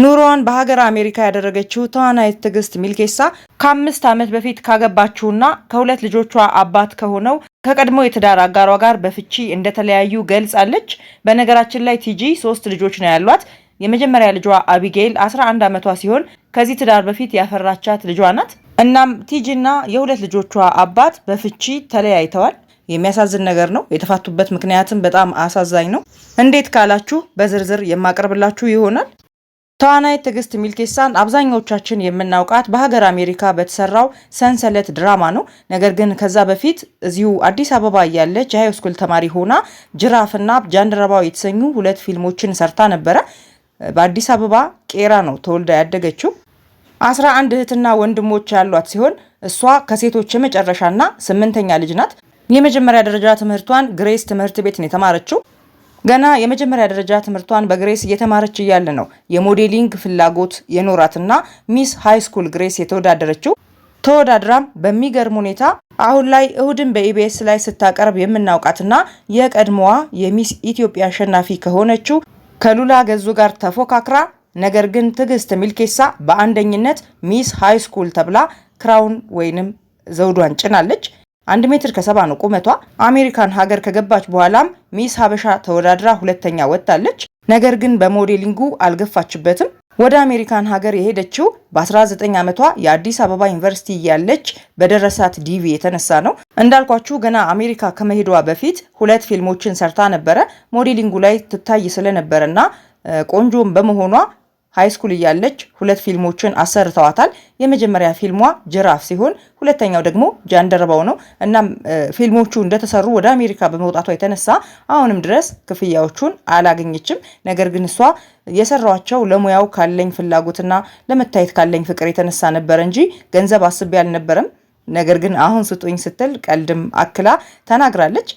ኑሮዋን በሀገር አሜሪካ ያደረገችው ተዋናይት ትዕግስት ሚልኬሳ ከአምስት ዓመት በፊት ካገባችውና ከሁለት ልጆቿ አባት ከሆነው ከቀድሞ የትዳር አጋሯ ጋር በፍቺ እንደተለያዩ ገልጻለች። በነገራችን ላይ ቲጂ ሶስት ልጆች ነው ያሏት። የመጀመሪያ ልጇ አቢጌይል 11 ዓመቷ ሲሆን ከዚህ ትዳር በፊት ያፈራቻት ልጇ ናት። እናም ቲጂና የሁለት ልጆቿ አባት በፍቺ ተለያይተዋል። የሚያሳዝን ነገር ነው። የተፋቱበት ምክንያትም በጣም አሳዛኝ ነው። እንዴት ካላችሁ በዝርዝር የማቀርብላችሁ ይሆናል። ተዋናይት ትዕግስት ሚልኬሳን አብዛኞቻችን የምናውቃት በሀገር አሜሪካ በተሰራው ሰንሰለት ድራማ ነው። ነገር ግን ከዛ በፊት እዚሁ አዲስ አበባ እያለች የሃይ ስኩል ተማሪ ሆና ጅራፍና ጃንደረባው የተሰኙ ሁለት ፊልሞችን ሰርታ ነበረ። በአዲስ አበባ ቄራ ነው ተወልዳ ያደገችው። አስራ አንድ እህትና ወንድሞች ያሏት ሲሆን እሷ ከሴቶች የመጨረሻና ስምንተኛ ልጅ ናት። የመጀመሪያ ደረጃ ትምህርቷን ግሬስ ትምህርት ቤት ነው የተማረችው። ገና የመጀመሪያ ደረጃ ትምህርቷን በግሬስ እየተማረች እያለ ነው የሞዴሊንግ ፍላጎት የኖራትና ሚስ ሃይ ስኩል ግሬስ የተወዳደረችው። ተወዳድራም በሚገርም ሁኔታ አሁን ላይ እሁድን በኢቢኤስ ላይ ስታቀርብ የምናውቃትና የቀድሞዋ የሚስ ኢትዮጵያ አሸናፊ ከሆነችው ከሉላ ገዙ ጋር ተፎካክራ ነገር ግን ትዕግስት ሚልኬሳ በአንደኝነት ሚስ ሃይ ስኩል ተብላ ክራውን ወይንም ዘውዷን ጭናለች። አንድ ሜትር ከሰባ ነው ቁመቷ። አሜሪካን ሀገር ከገባች በኋላም ሚስ ሀበሻ ተወዳድራ ሁለተኛ ወጥታለች። ነገር ግን በሞዴሊንጉ አልገፋችበትም። ወደ አሜሪካን ሀገር የሄደችው በ19 ዓመቷ የአዲስ አበባ ዩኒቨርሲቲ እያለች በደረሳት ዲቪ የተነሳ ነው። እንዳልኳችሁ ገና አሜሪካ ከመሄዷ በፊት ሁለት ፊልሞችን ሰርታ ነበረ። ሞዴሊንጉ ላይ ትታይ ስለነበረና ቆንጆም በመሆኗ ሃይስኩል እያለች ሁለት ፊልሞችን አሰርተዋታል። የመጀመሪያ ፊልሟ ጅራፍ ሲሆን ሁለተኛው ደግሞ ጃንደረባው ነው። እናም ፊልሞቹ እንደተሰሩ ወደ አሜሪካ በመውጣቷ የተነሳ አሁንም ድረስ ክፍያዎቹን አላገኘችም። ነገር ግን እሷ የሰሯቸው ለሙያው ካለኝ ፍላጎትና ለመታየት ካለኝ ፍቅር የተነሳ ነበረ እንጂ ገንዘብ አስቤ አልነበረም። ነገር ግን አሁን ስጡኝ ስትል ቀልድም አክላ ተናግራለች።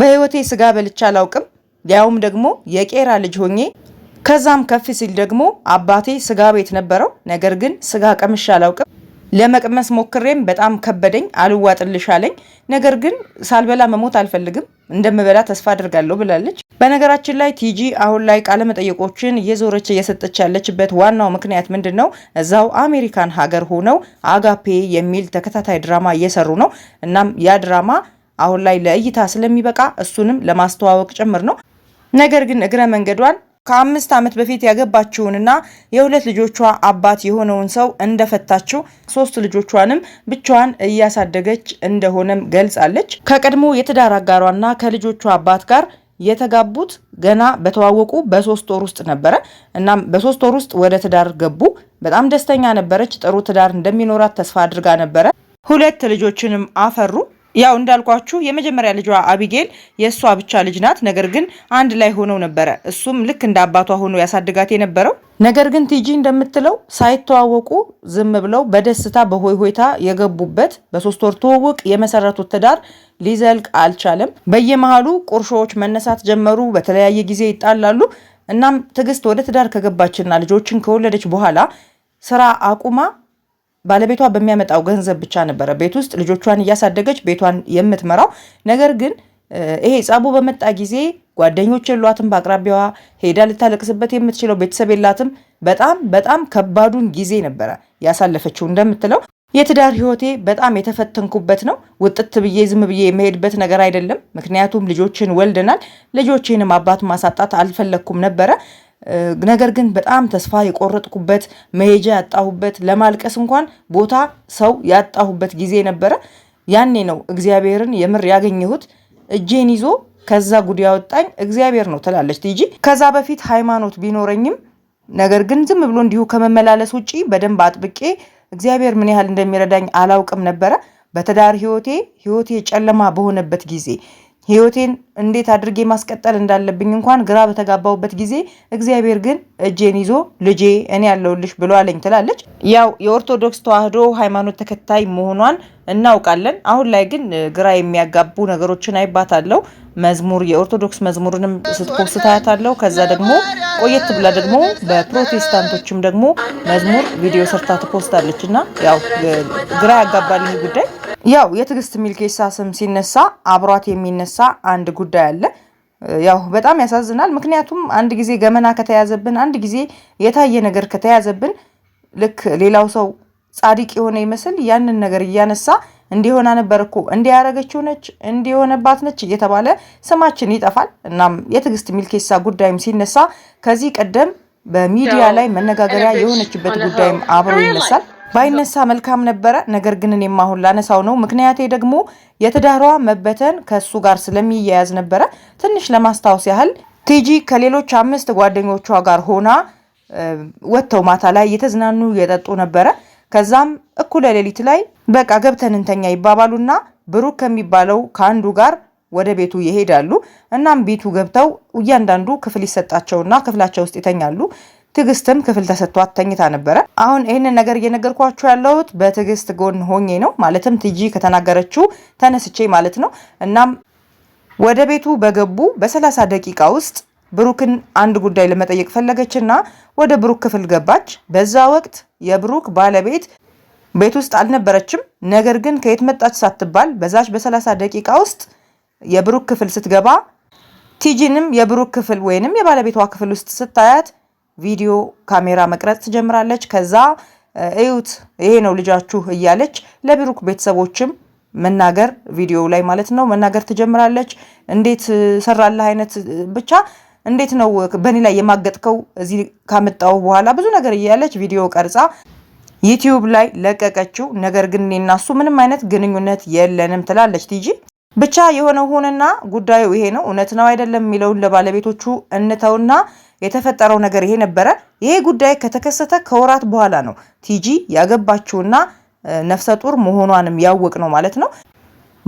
በህይወቴ ስጋ በልቼ አላውቅም ያውም ደግሞ የቄራ ልጅ ሆኜ ከዛም ከፍ ሲል ደግሞ አባቴ ስጋ ቤት ነበረው። ነገር ግን ስጋ ቀምሼ አላውቅም። ለመቅመስ ሞክሬም በጣም ከበደኝ፣ አልዋጥልሽ አለኝ። ነገር ግን ሳልበላ መሞት አልፈልግም፣ እንደምበላ ተስፋ አድርጋለሁ ብላለች። በነገራችን ላይ ቲጂ አሁን ላይ ቃለመጠየቆችን እየዞረች እየሰጠች ያለችበት ዋናው ምክንያት ምንድን ነው? እዛው አሜሪካን ሀገር ሆነው አጋፔ የሚል ተከታታይ ድራማ እየሰሩ ነው። እናም ያ ድራማ አሁን ላይ ለእይታ ስለሚበቃ እሱንም ለማስተዋወቅ ጭምር ነው። ነገር ግን እግረ መንገዷን ከአምስት ዓመት በፊት ያገባችውንና የሁለት ልጆቿ አባት የሆነውን ሰው እንደፈታችው ሶስት ልጆቿንም ብቻዋን እያሳደገች እንደሆነም ገልጻለች። ከቀድሞ የትዳር አጋሯና ከልጆቿ አባት ጋር የተጋቡት ገና በተዋወቁ በሶስት ወር ውስጥ ነበረ። እናም በሶስት ወር ውስጥ ወደ ትዳር ገቡ። በጣም ደስተኛ ነበረች። ጥሩ ትዳር እንደሚኖራት ተስፋ አድርጋ ነበረ። ሁለት ልጆችንም አፈሩ። ያው እንዳልኳችሁ የመጀመሪያ ልጇ አቢጌል የእሷ ብቻ ልጅ ናት። ነገር ግን አንድ ላይ ሆነው ነበረ። እሱም ልክ እንደ አባቷ ሆኖ ያሳድጋት የነበረው። ነገር ግን ቲጂ እንደምትለው ሳይተዋወቁ ዝም ብለው በደስታ በሆይ ሆይታ የገቡበት በሶስት ወር ትውውቅ የመሰረቱት ትዳር ሊዘልቅ አልቻለም። በየመሃሉ ቁርሾዎች መነሳት ጀመሩ። በተለያየ ጊዜ ይጣላሉ። እናም ትዕግስት ወደ ትዳር ከገባችና ልጆችን ከወለደች በኋላ ስራ አቁማ ባለቤቷ በሚያመጣው ገንዘብ ብቻ ነበረ ቤት ውስጥ ልጆቿን እያሳደገች ቤቷን የምትመራው። ነገር ግን ይሄ ጸቡ በመጣ ጊዜ ጓደኞች የሏትም፣ በአቅራቢያዋ ሄዳ ልታለቅስበት የምትችለው ቤተሰብ የላትም። በጣም በጣም ከባዱን ጊዜ ነበረ ያሳለፈችው። እንደምትለው የትዳር ህይወቴ በጣም የተፈተንኩበት ነው። ውጥት ብዬ ዝም ብዬ የመሄድበት ነገር አይደለም። ምክንያቱም ልጆችን ወልደናል። ልጆችንም አባት ማሳጣት አልፈለግኩም ነበረ ነገር ግን በጣም ተስፋ የቆረጥኩበት መሄጃ ያጣሁበት ለማልቀስ እንኳን ቦታ ሰው ያጣሁበት ጊዜ ነበረ። ያኔ ነው እግዚአብሔርን የምር ያገኘሁት። እጄን ይዞ ከዛ ጉድ ያወጣኝ እግዚአብሔር ነው ትላለች ቲጂ። ከዛ በፊት ሃይማኖት ቢኖረኝም ነገር ግን ዝም ብሎ እንዲሁ ከመመላለስ ውጪ በደንብ አጥብቄ እግዚአብሔር ምን ያህል እንደሚረዳኝ አላውቅም ነበረ። በትዳር ህይወቴ ህይወቴ ጨለማ በሆነበት ጊዜ ህይወቴን እንዴት አድርጌ ማስቀጠል እንዳለብኝ እንኳን ግራ በተጋባውበት ጊዜ እግዚአብሔር ግን እጄን ይዞ ልጄ እኔ ያለውልሽ ብሎ አለኝ ትላለች። ያው የኦርቶዶክስ ተዋህዶ ሃይማኖት ተከታይ መሆኗን እናውቃለን። አሁን ላይ ግን ግራ የሚያጋቡ ነገሮችን አይባታለው። መዝሙር የኦርቶዶክስ መዝሙርንም ስትፖስት አያታለው። ከዛ ደግሞ ቆየት ብላ ደግሞ በፕሮቴስታንቶችም ደግሞ መዝሙር ቪዲዮ ሰርታ ትፖስታለች እና ያው ግራ ያጋባል ይህ ጉዳይ። ያው የትዕግስት ሚልኬሳ ስም ሲነሳ አብሯት የሚነሳ አንድ ጉዳይ አለ። ያው በጣም ያሳዝናል። ምክንያቱም አንድ ጊዜ ገመና ከተያዘብን፣ አንድ ጊዜ የታየ ነገር ከተያዘብን ልክ ሌላው ሰው ጻድቅ የሆነ ይመስል ያንን ነገር እያነሳ እንዲሆና ነበር እኮ እንዲያረገችው ነች እንዲሆነባት ነች እየተባለ ስማችን ይጠፋል። እናም የትዕግስት ሚልኬሳ ጉዳይም ሲነሳ ከዚህ ቀደም በሚዲያ ላይ መነጋገሪያ የሆነችበት ጉዳይም አብሮ ይነሳል። ባይነሳ መልካም ነበረ። ነገር ግን እኔም አሁን ላነሳው ነው። ምክንያቴ ደግሞ የትዳሯ መበተን ከእሱ ጋር ስለሚያያዝ ነበረ። ትንሽ ለማስታወስ ያህል ቲጂ ከሌሎች አምስት ጓደኞቿ ጋር ሆና ወጥተው ማታ ላይ እየተዝናኑ እየጠጡ ነበረ። ከዛም እኩለ ሌሊት ላይ በቃ ገብተን እንተኛ ይባባሉና ብሩክ ከሚባለው ከአንዱ ጋር ወደ ቤቱ ይሄዳሉ። እናም ቤቱ ገብተው እያንዳንዱ ክፍል ይሰጣቸውና ክፍላቸው ውስጥ ይተኛሉ። ትዕግስትም ክፍል ተሰጥቷት ተኝታ ነበረ። አሁን ይህንን ነገር እየነገርኳችሁ ያለሁት በትዕግስት ጎን ሆኜ ነው፣ ማለትም ትጂ ከተናገረችው ተነስቼ ማለት ነው። እናም ወደ ቤቱ በገቡ በሰላሳ ደቂቃ ውስጥ ብሩክን አንድ ጉዳይ ለመጠየቅ ፈለገችና ወደ ብሩክ ክፍል ገባች። በዛ ወቅት የብሩክ ባለቤት ቤት ውስጥ አልነበረችም። ነገር ግን ከየት መጣች ሳትባል በዛች በሰላሳ ደቂቃ ውስጥ የብሩክ ክፍል ስትገባ ቲጂንም የብሩክ ክፍል ወይንም የባለቤቷ ክፍል ውስጥ ስታያት ቪዲዮ ካሜራ መቅረጽ ትጀምራለች። ከዛ እዩት ይሄ ነው ልጃችሁ እያለች ለብሩክ ቤተሰቦችም መናገር ቪዲዮ ላይ ማለት ነው መናገር ትጀምራለች። እንዴት ሰራለህ አይነት ብቻ እንዴት ነው በእኔ ላይ የማገጥከው እዚህ ካመጣው በኋላ ብዙ ነገር እያለች ቪዲዮ ቀርጻ ዩቲዩብ ላይ ለቀቀችው። ነገር ግን እኔ እሱ ምንም አይነት ግንኙነት የለንም ትላለች ቲጂ። ብቻ የሆነ ሁንና ጉዳዩ ይሄ ነው። እውነት ነው አይደለም የሚለውን ለባለቤቶቹ እንተውና የተፈጠረው ነገር ይሄ ነበረ። ይሄ ጉዳይ ከተከሰተ ከወራት በኋላ ነው ቲጂ ያገባችውና ነፍሰ ጡር መሆኗንም ያወቅ ነው ማለት ነው።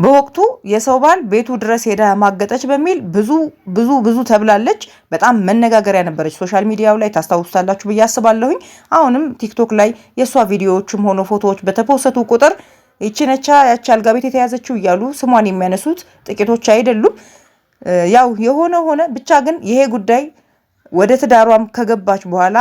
በወቅቱ የሰው ባል ቤቱ ድረስ ሄዳ ማገጠች በሚል ብዙ ብዙ ብዙ ተብላለች። በጣም መነጋገሪያ ነበረች። ሶሻል ሚዲያው ላይ ታስታውሱታላችሁ ብዬ አስባለሁኝ። አሁንም ቲክቶክ ላይ የእሷ ቪዲዮዎችም ሆኖ ፎቶዎች በተፖሰቱ ቁጥር ይችነቻ ያቺ አልጋ ቤት የተያዘችው እያሉ ስሟን የሚያነሱት ጥቂቶች አይደሉም። ያው የሆነ ሆነ ብቻ ግን ይሄ ጉዳይ ወደ ትዳሯም ከገባች በኋላ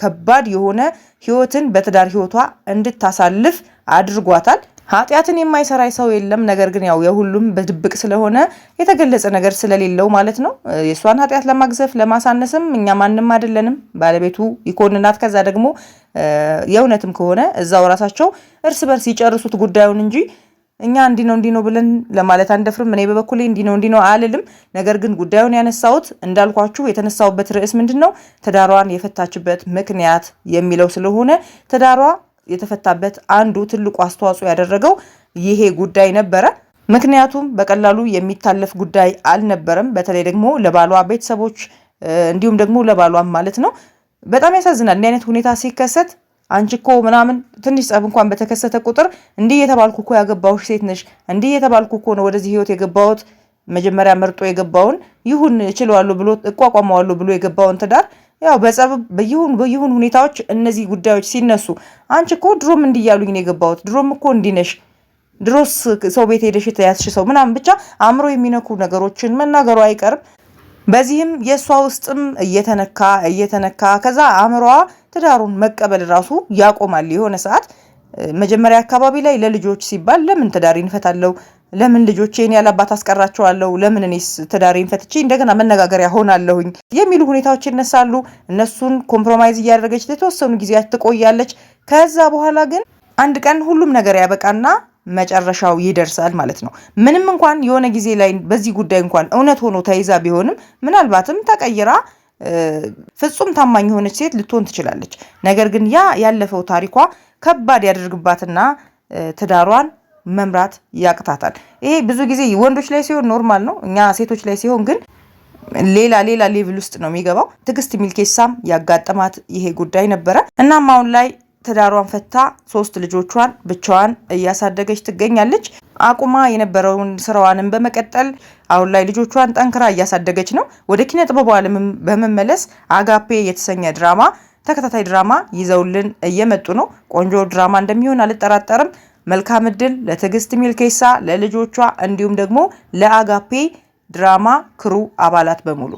ከባድ የሆነ ህይወትን በትዳር ህይወቷ እንድታሳልፍ አድርጓታል። ኃጢአትን የማይሰራ ሰው የለም። ነገር ግን ያው የሁሉም በድብቅ ስለሆነ የተገለጸ ነገር ስለሌለው ማለት ነው። የእሷን ኃጢአት ለማግዘፍ ለማሳነስም እኛ ማንም አይደለንም። ባለቤቱ ይኮንናት፣ ከዛ ደግሞ የእውነትም ከሆነ እዛው ራሳቸው እርስ በርስ ይጨርሱት ጉዳዩን እንጂ እኛ እንዲህ ነው እንዲህ ነው ብለን ለማለት አንደፍርም። እኔ በበኩሌ እንዲህ ነው እንዲህ ነው አልልም። ነገር ግን ጉዳዩን ያነሳሁት እንዳልኳችሁ የተነሳሁበት ርዕስ ምንድን ነው ትዳሯን የፈታችበት ምክንያት የሚለው ስለሆነ ትዳሯ የተፈታበት አንዱ ትልቁ አስተዋጽኦ ያደረገው ይሄ ጉዳይ ነበረ። ምክንያቱም በቀላሉ የሚታለፍ ጉዳይ አልነበረም። በተለይ ደግሞ ለባሏ ቤተሰቦች እንዲሁም ደግሞ ለባሏም ማለት ነው። በጣም ያሳዝናል እንዲህ አይነት ሁኔታ ሲከሰት አንቺ እኮ ምናምን ትንሽ ጸብ እንኳን በተከሰተ ቁጥር እንዲህ የተባልኩ እኮ ያገባሁሽ ሴት ነሽ፣ እንዲህ የተባልኩ እኮ ነው ወደዚህ ህይወት የገባሁት። መጀመሪያ መርጦ የገባውን ይሁን እችለዋለሁ ብሎ እቋቋመዋለሁ ብሎ የገባውን ትዳር ያው በጸብ በይሁን በይሁን ሁኔታዎች እነዚህ ጉዳዮች ሲነሱ አንቺ እኮ ድሮም እንዲህ እያሉኝ ነው የገባሁት፣ ድሮም እኮ እንዲህ ነሽ፣ ድሮስ ሰው ቤት ሄደሽ የተያዝሽ ሰው ምናምን ብቻ አእምሮ የሚነኩ ነገሮችን መናገሩ አይቀርም። በዚህም የእሷ ውስጥም እየተነካ እየተነካ ከዛ አእምሮዋ ትዳሩን መቀበል ራሱ ያቆማል። የሆነ ሰዓት መጀመሪያ አካባቢ ላይ ለልጆች ሲባል ለምን ትዳር ይንፈታለው? ለምን ያለ አባት አስቀራቸዋለሁ? ለምን እኔስ ትዳሬን ፈትቼ እንደገና መነጋገሪያ ሆናለሁኝ? የሚሉ ሁኔታዎች ይነሳሉ። እነሱን ኮምፕሮማይዝ እያደረገች ለተወሰኑ ጊዜያት ትቆያለች። ከዛ በኋላ ግን አንድ ቀን ሁሉም ነገር ያበቃና መጨረሻው ይደርሳል ማለት ነው። ምንም እንኳን የሆነ ጊዜ ላይ በዚህ ጉዳይ እንኳን እውነት ሆኖ ተይዛ ቢሆንም ምናልባትም ተቀይራ ፍጹም ታማኝ የሆነች ሴት ልትሆን ትችላለች። ነገር ግን ያ ያለፈው ታሪኳ ከባድ ያደርግባትና ትዳሯን መምራት ያቅታታል። ይሄ ብዙ ጊዜ ወንዶች ላይ ሲሆን ኖርማል ነው። እኛ ሴቶች ላይ ሲሆን ግን ሌላ ሌላ ሌቭል ውስጥ ነው የሚገባው። ትዕግስት ሚልኬሳም ያጋጠማት ይሄ ጉዳይ ነበረ። እናም አሁን ላይ ትዳሯን ፈታ ሶስት ልጆቿን ብቻዋን እያሳደገች ትገኛለች። አቁማ የነበረውን ስራዋንም በመቀጠል አሁን ላይ ልጆቿን ጠንክራ እያሳደገች ነው። ወደ ኪነ ጥበቡ ዓለም በመመለስ አጋፔ የተሰኘ ድራማ ተከታታይ ድራማ ይዘውልን እየመጡ ነው። ቆንጆ ድራማ እንደሚሆን አልጠራጠርም። መልካም እድል ለትዕግስት ሚልኬሳ፣ ለልጆቿ እንዲሁም ደግሞ ለአጋፔ ድራማ ክሩ አባላት በሙሉ